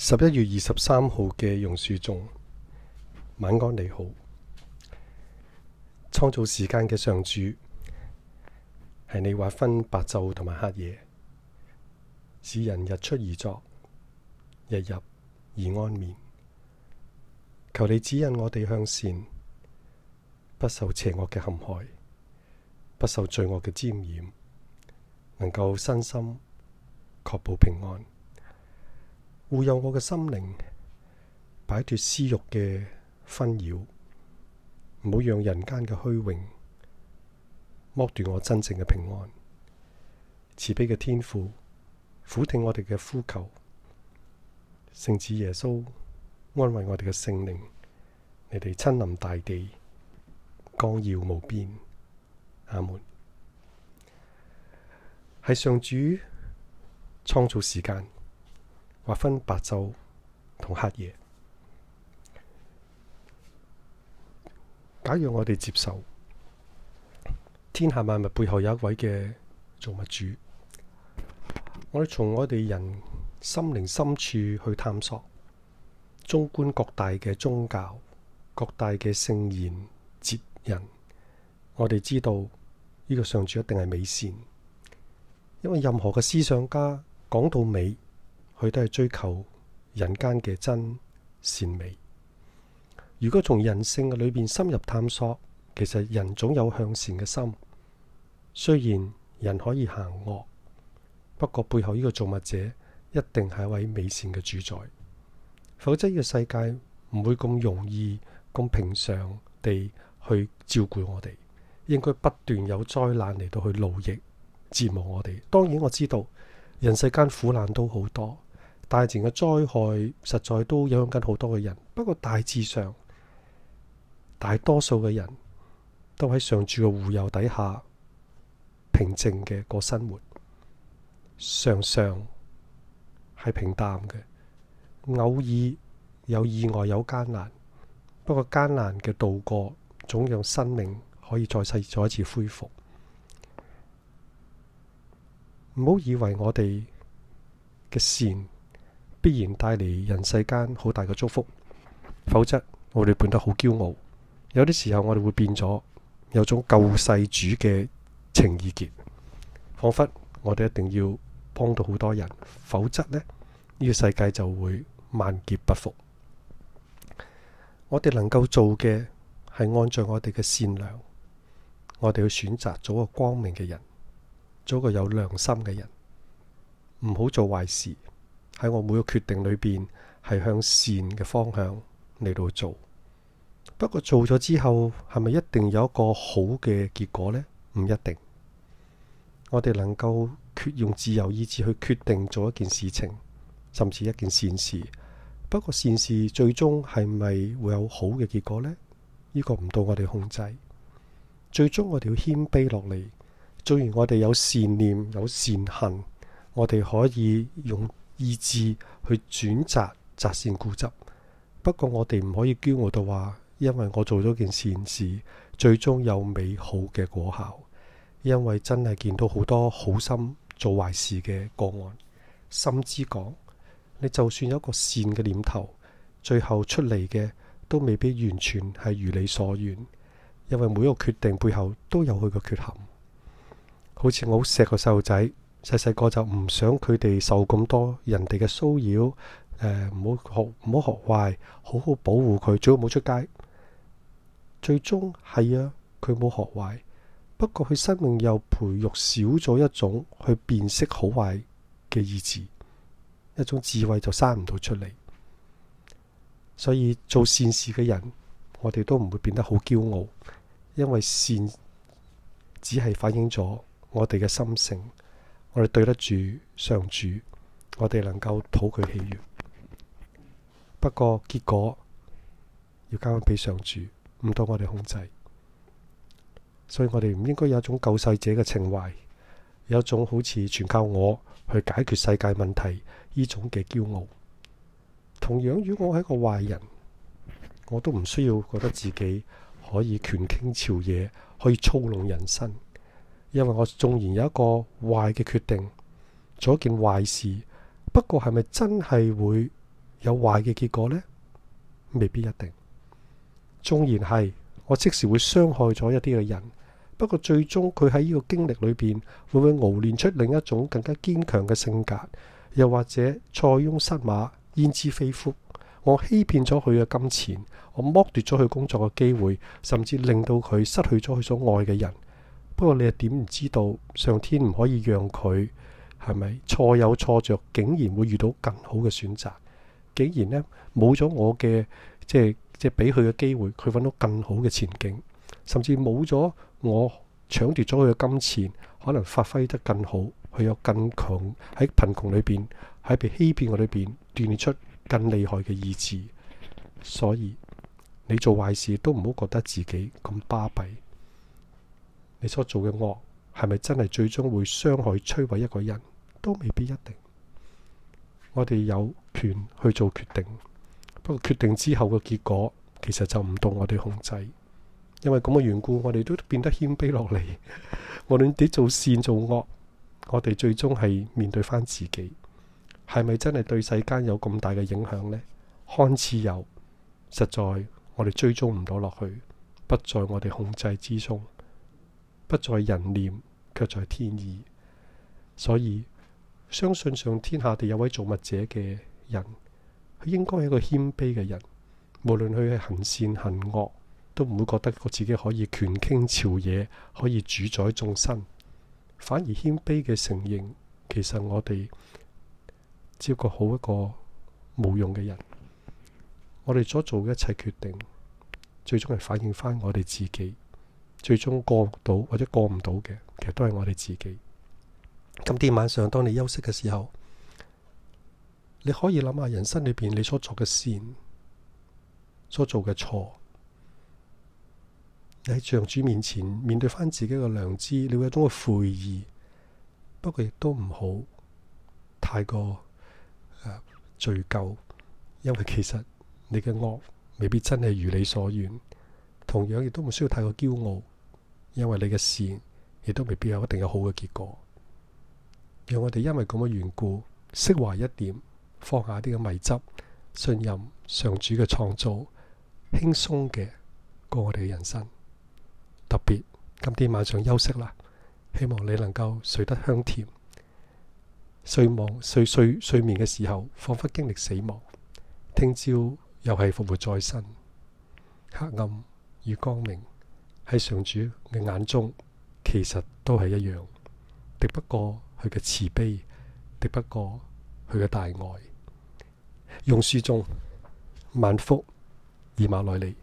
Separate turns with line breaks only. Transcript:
十一月二十三號嘅榕樹中，晚安你好。創造時間嘅上主，係你劃分白晝同埋黑夜，使人日出而作，日入而安眠。求你指引我哋向善，不受邪惡嘅陷害，不受罪惡嘅沾染，能夠身心確保平安。護佑我嘅心靈，擺脫私欲嘅紛擾，唔好讓人間嘅虛榮剝奪我真正嘅平安。慈悲嘅天父，俯聽我哋嘅呼求，聖子耶穌安慰我哋嘅聖靈，你哋親臨大地，光耀無邊。阿門。係上主創造時間，劃分白晝同黑夜。假如我哋接受天下萬物背後有一位嘅造物主，我哋從我哋人心靈深處去探索，縱觀各大嘅宗教、各大嘅聖賢哲人，我哋知道呢、這個上主一定係美善，因為任何嘅思想家講到美。佢都係追求人間嘅真善美。如果從人性嘅裏邊深入探索，其實人總有向善嘅心。雖然人可以行惡，不過背後呢個造物者一定係一位美善嘅主宰。否則，呢個世界唔會咁容易、咁平常地去照顧我哋。應該不斷有災難嚟到去勞役折磨我哋。當然，我知道人世間苦難都好多。大自然嘅災害實在都影響緊好多嘅人。不過大致上，大多數嘅人都喺上主嘅護佑底下平靜嘅過生活，常常係平淡嘅。偶爾有意外、有艱難，不過艱難嘅度過總讓生命可以再生，再一次恢復。唔好以為我哋嘅善。必然帶嚟人世間好大嘅祝福，否則我哋變得好驕傲。有啲時候我哋會變咗有種救世主嘅情意結，仿佛我哋一定要幫到好多人，否則呢，呢個世界就會萬劫不復。我哋能夠做嘅係按照我哋嘅善良，我哋要選擇做個光明嘅人，做個有良心嘅人，唔好做壞事。喺我每個決定裏邊，係向善嘅方向嚟到做。不過做咗之後，係咪一定有一個好嘅結果呢？唔一定。我哋能夠決用自由意志去決定做一件事情，甚至一件善事。不過善事最終係咪會有好嘅結果呢？呢個唔到我哋控制。最終我哋要謙卑落嚟。雖然我哋有善念、有善行，我哋可以用。意志去轉擇擇善固執，不過我哋唔可以驕傲到話，因為我做咗件善事，最終有美好嘅果效。因為真係見到好多好心做壞事嘅個案，甚至講，你就算有一個善嘅念頭，最後出嚟嘅都未必完全係如你所願，因為每一個決定背後都有佢個缺陷。好似我好錫個細路仔。細細個就唔想佢哋受咁多人哋嘅騷擾，誒、呃，唔好學唔好學壞，好好保護佢，最好唔好出街。最終係啊，佢冇學壞，不過佢生命又培育少咗一種去辨識好壞嘅意志，一種智慧就生唔到出嚟。所以做善事嘅人，我哋都唔會變得好驕傲，因為善只係反映咗我哋嘅心性。我哋對得住上主，我哋能夠討佢喜悅。不過結果要交翻俾上主，唔到我哋控制。所以我哋唔應該有一種救世者嘅情懷，有一種好似全靠我去解決世界問題呢種嘅驕傲。同樣，如果我係一個壞人，我都唔需要覺得自己可以權傾朝野，可以操弄人生。因為我縱然有一個壞嘅決定，做一件壞事，不過係咪真係會有壞嘅結果呢？未必一定。縱然係我即時會傷害咗一啲嘅人，不過最終佢喺呢個經歷裏邊，會唔會熬練出另一種更加堅強嘅性格？又或者塞翁失馬，焉知非福？我欺騙咗佢嘅金錢，我剝奪咗佢工作嘅機會，甚至令到佢失去咗佢所愛嘅人。不過你又點唔知道，上天唔可以讓佢係咪錯有錯着，竟然會遇到更好嘅選擇？竟然呢，冇咗我嘅，即係即係俾佢嘅機會，佢揾到更好嘅前景，甚至冇咗我搶奪咗佢嘅金錢，可能發揮得更好，佢有更強喺貧窮裏邊，喺被欺騙嘅裏邊鍛煉出更厲害嘅意志。所以你做壞事都唔好覺得自己咁巴閉。你所做嘅惡係咪真係最終會傷害摧毀一個人，都未必一定。我哋有權去做決定，不過決定之後嘅結果其實就唔到我哋控制。因為咁嘅緣故，我哋都變得謙卑落嚟。無論點做善做惡，我哋最終係面對翻自己，係咪真係對世間有咁大嘅影響呢？看似有，實在我哋追蹤唔到落去，不在我哋控制之中。不在人念，卻在天意。所以，相信上天下地有位造物者嘅人，佢應該係一個謙卑嘅人。無論佢係行善行惡，都唔會覺得佢自己可以權傾朝野，可以主宰眾生。反而謙卑嘅承認，其實我哋接過好一個冇用嘅人。我哋所做嘅一切決定，最終係反映翻我哋自己。最終過到或者過唔到嘅，其實都係我哋自己。今天晚上，當你休息嘅時候，你可以諗下人生裏邊你所作嘅善、所做嘅錯，你喺上主面前面對翻自己嘅良知，你會有種嘅悔意。不過亦都唔好太過誒罪疚，因為其實你嘅惡未必真係如你所願。同樣亦都唔需要太過驕傲。因為你嘅事，亦都未必有一定有好嘅結果。讓我哋因為咁嘅緣故，釋懷一點，放下啲嘅迷執，信任上主嘅創造，輕鬆嘅過我哋嘅人生。特別今天晚上休息啦，希望你能夠睡得香甜，睡夢睡睡睡眠嘅時候，仿佛經歷死亡，聽朝又係復活再生，黑暗與光明。喺上主嘅眼中，其實都係一樣，敵不過佢嘅慈悲，敵不過佢嘅大愛。用書中萬福以馬內利。